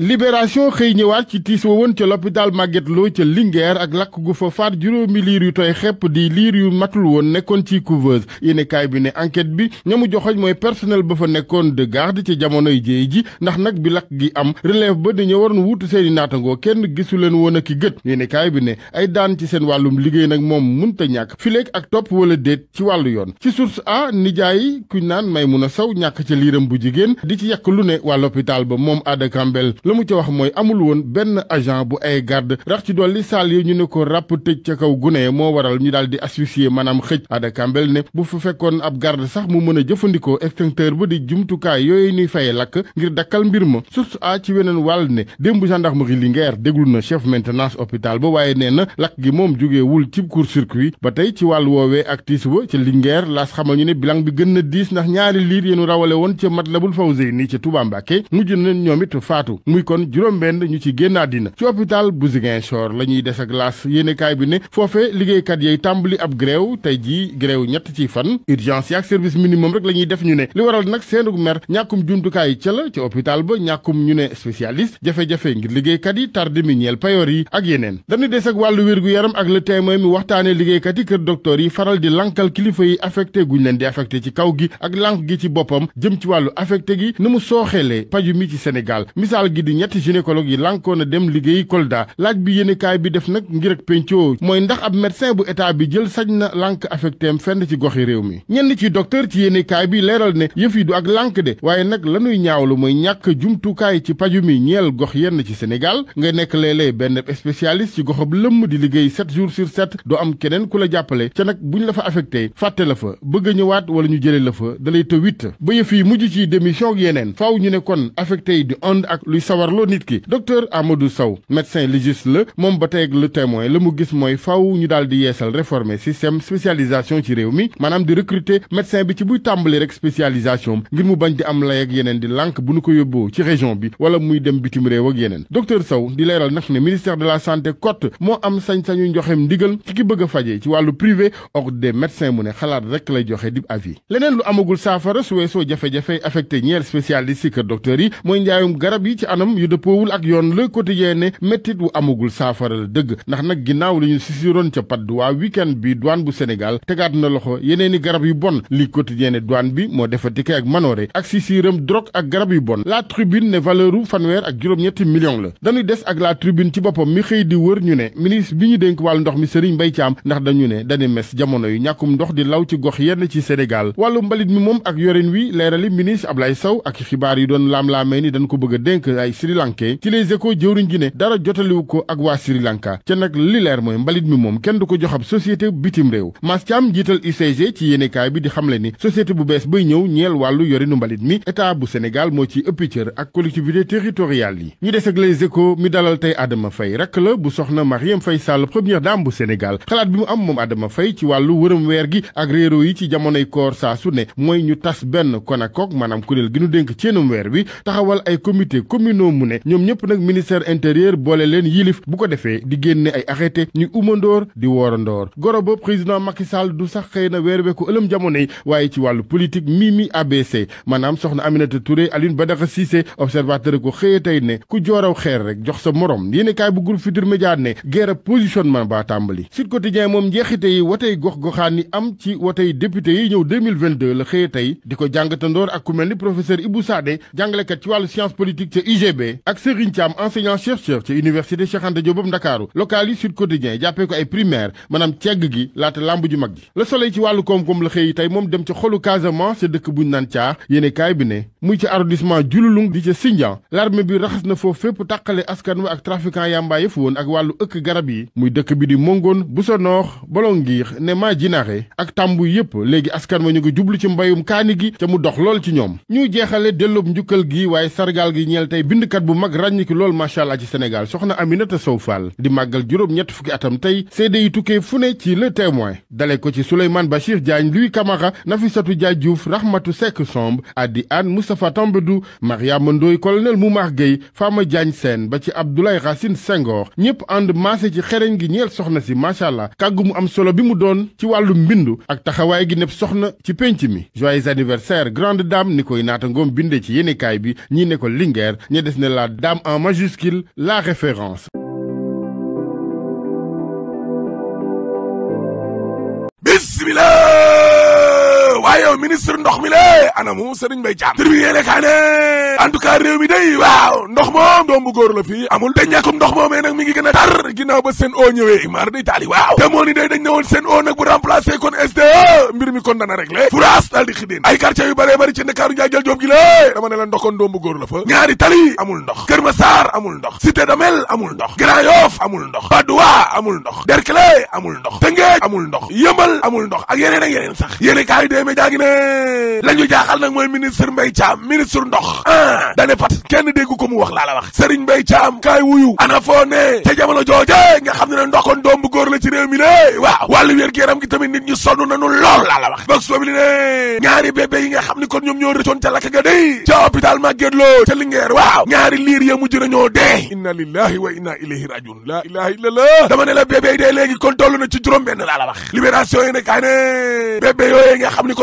libération xëy ñëwaat ci tiis wa woon ca l'hôpital Magatte Lô ca Linguère ak lakk gu fa faat juróomi liir yu tooy xepp di liir yu matul woon nekkoon ci couveuse yéenekaay bi ne enquête bi ñamu joxoñ mooy personnel ba fa nekkoon de di ci jamonoy jéey ji ndax nag bi lakk gi am relève ba dañu waroon wuutu seeni naatangoo kenn gisu leen woon ak i gët yéenekaay bi ne ay daan ci seen wàllum liggéey nag moom munta ñàkk fileeg ak topp wala déet ci wàllu yoon ci source a nijaay kuñ naan Maymuna Saw ñàkk ca liiram bu jigéen di ci yàq lu ne waa l'hôpital ba moom Ada la mu ca wax mooy amul woon benn agent bu ay garde rax ci dolli saal yi ñu ne ko ràpp tëj ca kaw gune moo waral ñu daal di asphyxier maanaam xëj Ada Kambel ne bu fu fekkoon ab garde sax mu mën a jëfandikoo extincteur ba di jumtukaay yooyu ñuy faye lakk ngir dakkal mbir ma source a ci weneen wàll ne démb gendarmerie Linguère déglu na chef maintenance hôpital ba waaye nee na lakk gi moom jógeewul ci court-circuit ba tey ci wàll woowee ak tiis ba ca Linguère laas ñu ne bilan bi gën na diis ndax ñaari liir yéenu rawale woon ca Matlabul Fawzeyni ca Touba Mbacké mujj na ñoom it faatu muy kon juróom-benn ñu ci génn àddina ci hôpital bu Ziguinchor la ñuy des ak laas yéenekaay bi ne foofee liggéeykat yay tàmbali ab grève tey jii grève ñett ci fan urgence ak service minimum rek la ñuy def ñu ne li waral nag seenug mer ñàkkum jumtukaay ca la ci hôpital ba ñàkkum ñu ne spécialiste jafe-jafe ngir liggéeykat yi tardi mi ñeel payoor yi ak yeneen dañu des ak wàllu wérgu yaram ak le témoin mi waxtaanee liggéeykat yi kër docteur yi faral di lankal kilifa yi affecté guñ leen di affecté ci kaw gi ak lank gi ci boppam jëm ci wàllu affecté gi ni mu sooxeelee paju mi ci Sénégal gi di ñetti gynécologue yi lànkoon a dem liggéey Kolda laaj bi yéenekaay bi def nag ngir ak pencoo mooy ndax ab médecin bu état bi jël sañ na lànk affecté am fenn ci goxi réew mi ñenn ci docteur ci yéenekaay bi leeral ne yëf yi du ak lànk de waaye nag lanuy ñaawlu mooy ñàkk jumtukaay ci paju mi ñeel gox yenn ci Sénégal nga nekk léeg-léeg benn spécialiste ci goxab lëmm di liggéey 7 jours sur 7 doo am keneen ku la jàppale ca nag buñ la fa affecté fàtte la fa bëgg fa dalay te wit ba yëf yi mujj ci démission ak yeneen faaw ñu ne kon affecté yi di ànd sawarloo nit ki docteur Amadou Sow médecin légiste la moom ba tey ak le témoin la mu gis mooy faw ñu daal di yeesal réformer système spécialisation ci réew mi maanaam di recruter médecin bi ci buy tàmbali rek spécialisation ngir mu bañ di am lay ak yeneen di lànk bu nu ko yóbboo ci région bi wala muy dem bitim réew ak yeneen docteur saw di leeral nag ne ministère de la sante cote moo am sañ-sañu njoxem ndigal ci ki bëgg a fajee ci wàllu privé ordre de médecins mu ne xalaat rek lay joxe di avis leneen lu amagul saafara su weesoo jafe-jafe affecté ñeer spécialiste yi anam yu dëppoowul ak yoon Le Quotidien ne méttit wu amagul saafara la dëgg ndax nag ginnaaw li ñu sisiroon ca padd waa week-end bi douane bu Sénégal tegaat na loxo yeneeni garab yu bon li Quotidien ne douane bi moo defati kay ak manoore ak sisiiram drogue ak garab yu bon la tribune ne valeur u fanweer ak juróom-ñetti million la dañuy des ak la tribune ci boppam mi xëy di wër ñu ne ministre bi ñu dénk wàllu ndox mi Serigne Mbaye Thiam ndax dañu ne dañu mes jamono yu ñàkkum ndox di law ci gox yenn ci Sénégal wàllu mbalit mi moom ak yorin wi leerali ministre Ablaye Sow ak xibaar yi doon laam-laamee ni dañ ko bëgg a dénk ay Sri Lankais ci les échos jëwriñ ji ne dara jotaliwu ko ak waa Sri Lanka ca nag li leer mooy mbalit mi moom kenn du ko joxab société bitim réew Mass Thiam jiital UCG ci yéenekaay bi di xamle ni société bu bees bay ñëw ñeel wàllu yorinu mbalit mi état bu Sénégal moo ci ëppi cër ak collectivité territoriale yi ñu des ak les échos mi dalal tey Adama fay rakk la bu soxna Marième Faye Sall première dame bu Sénégal xalaat bi mu am moom Adama Faye ci wàllu wërëm weer gi ak réero yi ci jamonoy koor saa su ne mooy ñu tas benn CONACOC maanaam kuréel gi dénk ceenum weer wi bennoo mu ne ñoom ñëpp nag ministère intérieur boole leen yilif bu ko defee di génne ay arrêté ñu umandoor di woorandoor goro boobu président Macky du sax xëy na weer weeku ëlëm jamono yi waaye ci wàllu politique Mimi ABC maanaam soxna Aminata Touré Alioune Badara Cissé observateur ko xëyee ne ku jooraw xeer rek jox sa morom yéene kaay bu groupe Futurs Médias ne guerre positionnement baa tàmbali Sud Quotidien moom njeexite yi watey gox goxaan am ci watey yi la xëyee tey di ko jàngatandoor ak UTB ak Serigne Thiam enseignant chercheur ci université Cheikh Anta Ndakaaru local Sud Quotidien jàppee ko ay primaire maanaam cegg gi laata lamb mag ji Le Soleil ci wàllu koom-koom la xëy tey moom dem ca xolu Casamance ca dëkk buñ naan caax yéene kaay bi ne muy ci arrondissement Diouloulung di ca Sindian l'armée bi raxas na foofu fépp tàqale askan wa ak trafiquant yamba yëf woon ak wàllu ëkk garab yi muy dëkk bi di Mongoon Boussonor Bolonguir ne maa jinaare ak bindkat bu mag ràññiku lool macha allah ci Sénégal soxna Aminata Sow Fall di màggal juróom ñett fukki atam tey seede yi tukkee fu ne ci Le Témoin dale ko ci Souleymane Bachir Diagne Louis Camara Nafissatou Dia Diouf Rahmatou Seck Somb Adi Anne Moustapha Tambadou Mariama Ndoye colonel Moumar Gueye Fama Diagne Sène ba ci Abdoulaye Racine Senghor ñépp ànd maase ci xereñ gi ñeel soxna si macha allah kàggu mu am solo bi mu doon ci wàllu mbindu ak taxawaay gi nepp soxna ci pénc mi joyeux anniversaire grande dame ni koy naata ngoom binde ci yéenekaay bi ñi ña des la dame en majuscule la référence waaye yow ministre ndox mi la anamu Serigne Mbaye Thiam tribune yéene kaa ne en mi day waaw ndox moom doom bu góor la fii amul te ñàkkum ndox moomee nag mi ngi gën a tar ba seen o ñëwee maar day taali waaw te moo ni day dañ ne woon seen o nag bu remplacé kon SDE mbir mi kon dana réglé furaas daal di xidéen ay quartier yu bëree bëri ci Ndakaaru njaajël joob gi la dama ne la doom bu góor la fa ñaari tali amul ndox Kër Massar amul ndox Cité d'Amel gi ne la ñu jaaxal nag mooy ministre Mbaye Thiam ministre ndox ah dane pat kenn dégg ko mu wax laa la wax Serigne Mbaye Thiam kaay wuyu ana foo ne ca jamono jooje nga xam ne ne ndoxoon doom bu góor la ci réew mi ne waaw wàllu wér-gu-yaram gi tamit nit ñu sonn nañu lool laa la wax vox populi ne ñaari bébé yi nga xam ni kon ñoom ñoo rëccoon ca lakk ga day ca hôpital Magatte Lô ca Linguère waaw ñaari liir ya mujj nañoo dee inna lillahi wa inna ilayhi rajiun la bébé yi dee léegi kon toll na ci juróom benn laa la wax libération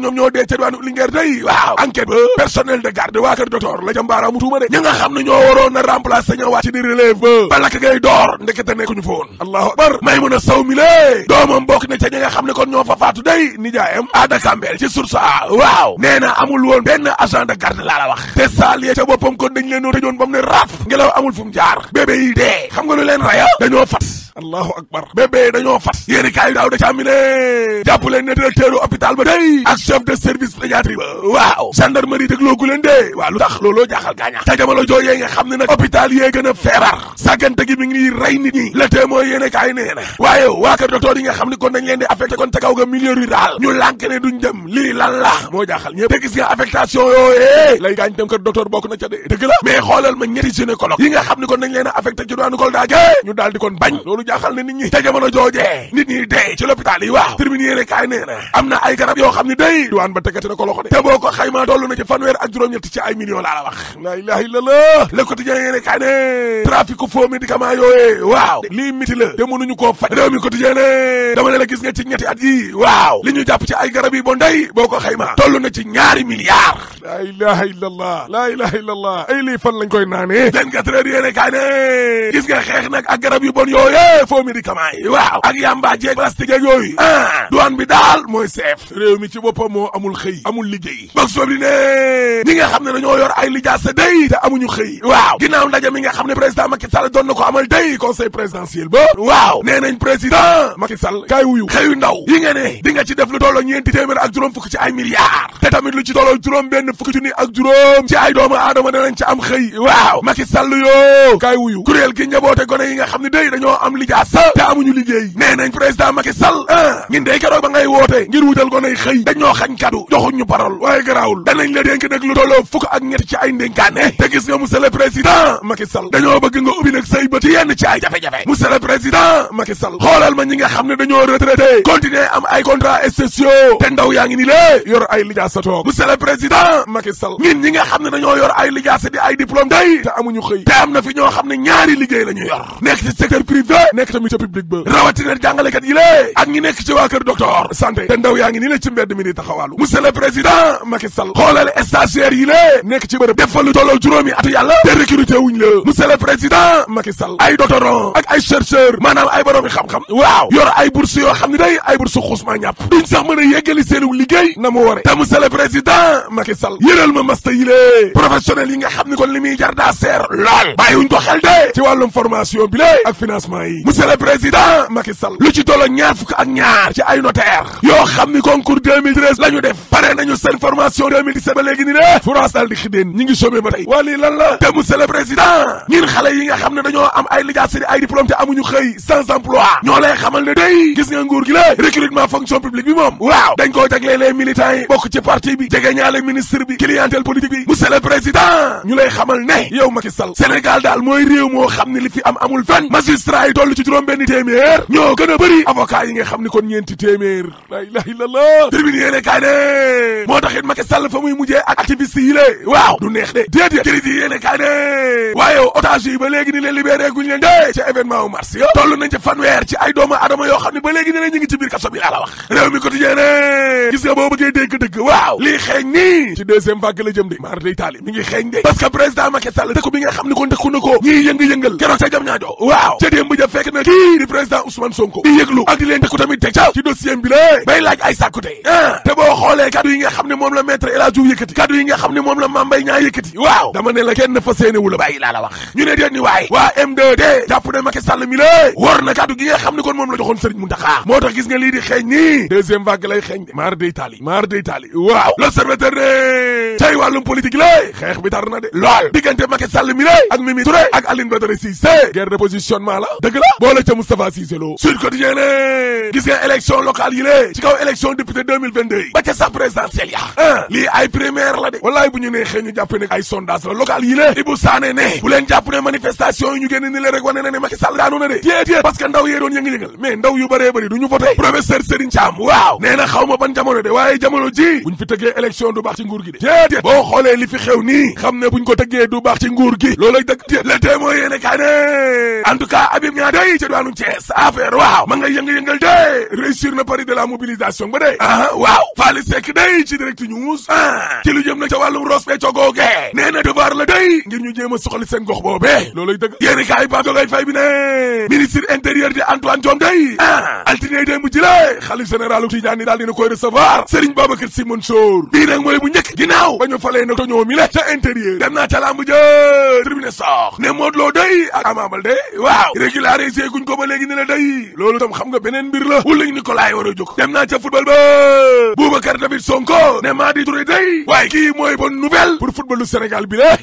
ñoom ñoo dee ca diwaanu Linguère day waaw enquête ba personnel de garde waa kër la jambaaraamu tuuma de ña xam ne ñoo waroon a remplacer ña wàcc di relève ba balak ngay door ndekete nekkuñu fa woon allahu akbar may mën a saw mi lée doomam bokk ca ña nga xam ne kon ñoo fa faatu day nijaayam aada kambeel ci source a waaw nee amul woon benn agent de garde laa la wax te saal ya ca boppam kon dañ leen noo tëjoon ba mu ne raaf ngelaw amul fu mu lu leen raya dañoo fat allahu akbar bébé dañoo fas yéeni kaay daaw da càmmi ne jàpp directeur hôpital ba day ak chef de service pédiatrie ba waaw gendarmerie dégloogu leen dee waaw lu tax looloo jaaxal gaaña te jamono jooyee xam ne nag hôpital yee ngi rey nit ñi le yi nga xam ne kon dañ leen di affecté kon ca kaw ga ñu lànk ne duñ lii lan la moo jaaxal ñëpp te gis nga affectation yooyee lay gaañ dem kër docteur bokk na ca de dëgg la mais xoolal ma ñetti gynécologue yi nga xam ne kon dañ leen jaaxal na nit ñi te jamono joojee nit ñi dee ci l'hôpital yi waaw terminé yéene kaay nee na am na ay garab yoo xam ne day diwaan ba tegati na ko loxo de te boo ko xaymaa toll na ci fanweer ak juróom-ñett ci ay millions laa la wax laa ilaha illallah le quotidien yéene kaay ne trafic faux médicament yooyee waaw lii miti la te mënuñu koo faj réew mi quotidien ne dama ne la gis nga ci ñetti at yi waaw li ñu jàpp ci ay garab yi bon day boo ko xaymaa toll na ci ñaari milliards laa ilaha illallah laa ilaha illallah ay lii fan lañ koy naanee 24 heures yéene kaay ne gis nga xeex nag ak garab yu bon yooyee faux médicament yi waaw ak yamba jeeg plastique ak yooyu ah douane bi daal mooy seef mi ci boppam moo amul xëy amul liggéey box foofu di ne ñi nga xam ne dañoo yor ay lijaas sa day te amuñu xëy waaw ginnaaw ndaje mi nga xam ne président Macky Sall doon na ko amal day conseil présidentiel ba waaw nee nañ président Macky Sall kaay wuyu xëyu ndaw yi nga ne di ci def lu tolloo ñeenti téeméer ak juróom fukk ci ay milliards te tamit lu ci tolloo juróom benn fukki junni ak juróom ci ay doomu aadama danañ ci am yi nga xam ne day dañoo li jaasa te amuñu liggéey nee nañ président Macky Sall ah ngin dey keroog ba ngay woote ngir wutal ko nay xëy dañoo xañ kaddu joxuñ ñu parole waaye garaawul danañ la dénk nag lu tolloo fukk ak ñett ci ay ndénkaane te gis nga monsieur président Macky dañoo bëgg nga ubbi nag say bët ci yenn ci ay jafe-jafe monsieur président Macky xoolal ma ñi nga xam ne dañoo retraité continuer am ay contrat spéciaux te ndaw yaa ngi ni lée yor ay lijaasa toog monsieur le président Macky Sall ngin ñi nga xam ne dañoo yor ay lijaasa di ay na ñoo xam ne ñaari liggéey la ñu nekk tamit ca public ba rawatina jàngalekat yi lée ak ñi nekk ci waa kër docteur te ndaw yaa ngi nii ne ci mbedd mi di taxawaalu monsieur le président Macky Sall xoolal stagiaire yi nekk ci bërëb defal lu tolloo juróomi atu yàlla te wuñ la monsieur le président Macky Sall ay doctorant ak ay chercheur maanaam ay borom xam-xam waaw yor ay bourse yoo xam ni day ay bourse xuusma ñàpp duñ sax mën a yeggali seenu liggéey na mu ware te monsieur le président yi nga xam ni kon li muy jar daa seer lool bàyyiwuñ financement yi yi monsieur le président Macky lu ci tollo ñaar fukk ak ñaar ci ay notaire yoo xam ni concours 2013 la ñu def pare nañu seen formation 2017 ba léegi ni ne France daal di xideen ñi ngi sommé ba tey waa lii te monsieur le président ñun xale yi nga xam ne dañoo te amuñu xëy sans emploi ñoo lay xamal ne day gis nga nguur gi la recrutement fonction publique bi moom waaw dañ koo jagleel les bokk ci parti bi jege ñaale ministre bi clientèle toll ci juróom benn téeméer ñoo gën a bëri avocat yi xam ni kon ñeenti téeméer la ilaha illallah tribune yéene kaay ne moo tax it Macky Sall fa muy mujjee ak activiste yi lée waaw du neex de déedéet cri di yéene kaay ne waaye yi ba léegi ni leen libéré guñ leen dee ci événement wu mars yo toll nañ ci fanweer ci ay doomu adama yoo xam ne ba léegi ne ñu ngi ci biir kaso bi laa la wax réew mi quotidien ne gis nga boo bëggee dégg dëgg waaw lii xeeñ nii ci de fekk na kii di président Ousmane Sonko di yëglu ak tamit teg ca ci dossier bi bay laaj ay sàkkute ah te boo xoolee kaddu yi nga xam ne moom la maître El Hadj Diouf yëkkati kaddu yi nga xam ne moom la Mame Mbaye Niang yëkkati waaw dama ne la kenn fa séene wu la bàyyi laa la wax ñu ne déet ni waaye waa M2D jàpp na Macky Sall mi lée war na kaddu gi xam ne kon moom la joxoon Serigne Mountakha moo tax gis nga lii di xeeñ nii deuxième vague lay xeeñ de mar day taali mar day waaw la dëgg la boole ca Moustapha Cissé Lo gis nga élection locale yi ci kaw élection député ba ca sax présidentielle ya ah lii ay primaire la de wallaay bu ñu neexee ñu jàpp ne ay sondage la local yi lée Ibou Sané bu leen jàpp ne manifestation yi ñu génn ni le rek wane na ne Macky Sall daanu na de jéet jéet parce ndaw yee doon yëngal-yëngal mais ndaw yu bëree bëri du ñu voté professeur Serigne Thiam waaw nee xaw ma ban jamono de waaye jamono ji buñ rëy ca diwaanu Thiès affaire waaw ma nga yënga-yëngal de réussir na pari de la mobilisation ba dee ah waaw Faly Seck day ci direct news ah ci lu jëm na ca wàllum la day ngir ñu jéem a soxali seen gox boobee looloy dëgg yéeni kaay ba jogay fay bi ne ministre intérieur di Antoine Diome day ah altine day mu jëlee xalif na toñoo mi Lo day ak Ama Baldé waaw ko ba léegi la day loolu tam xam nga beneen mbir la wulañ ni laay war a jóg dem naa ca football ba Boubacar David Sonko ne Madi Touré day waaye kii mooy bonne nouvelle pour footballu Sénégal bi la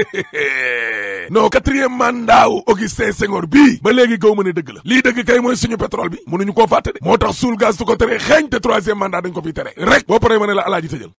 non quatrième mandat wu Augustin Senghor bii ba léegi gaw ma ne dëgg la lii dëgg kay mooy suñu pétrole bi mënuñu koo fàtte de moo tax suul gaz du ko tere xeeñ te troisième mandat dañ ko fi tere rek boo paree ma ne la alaaji tëjal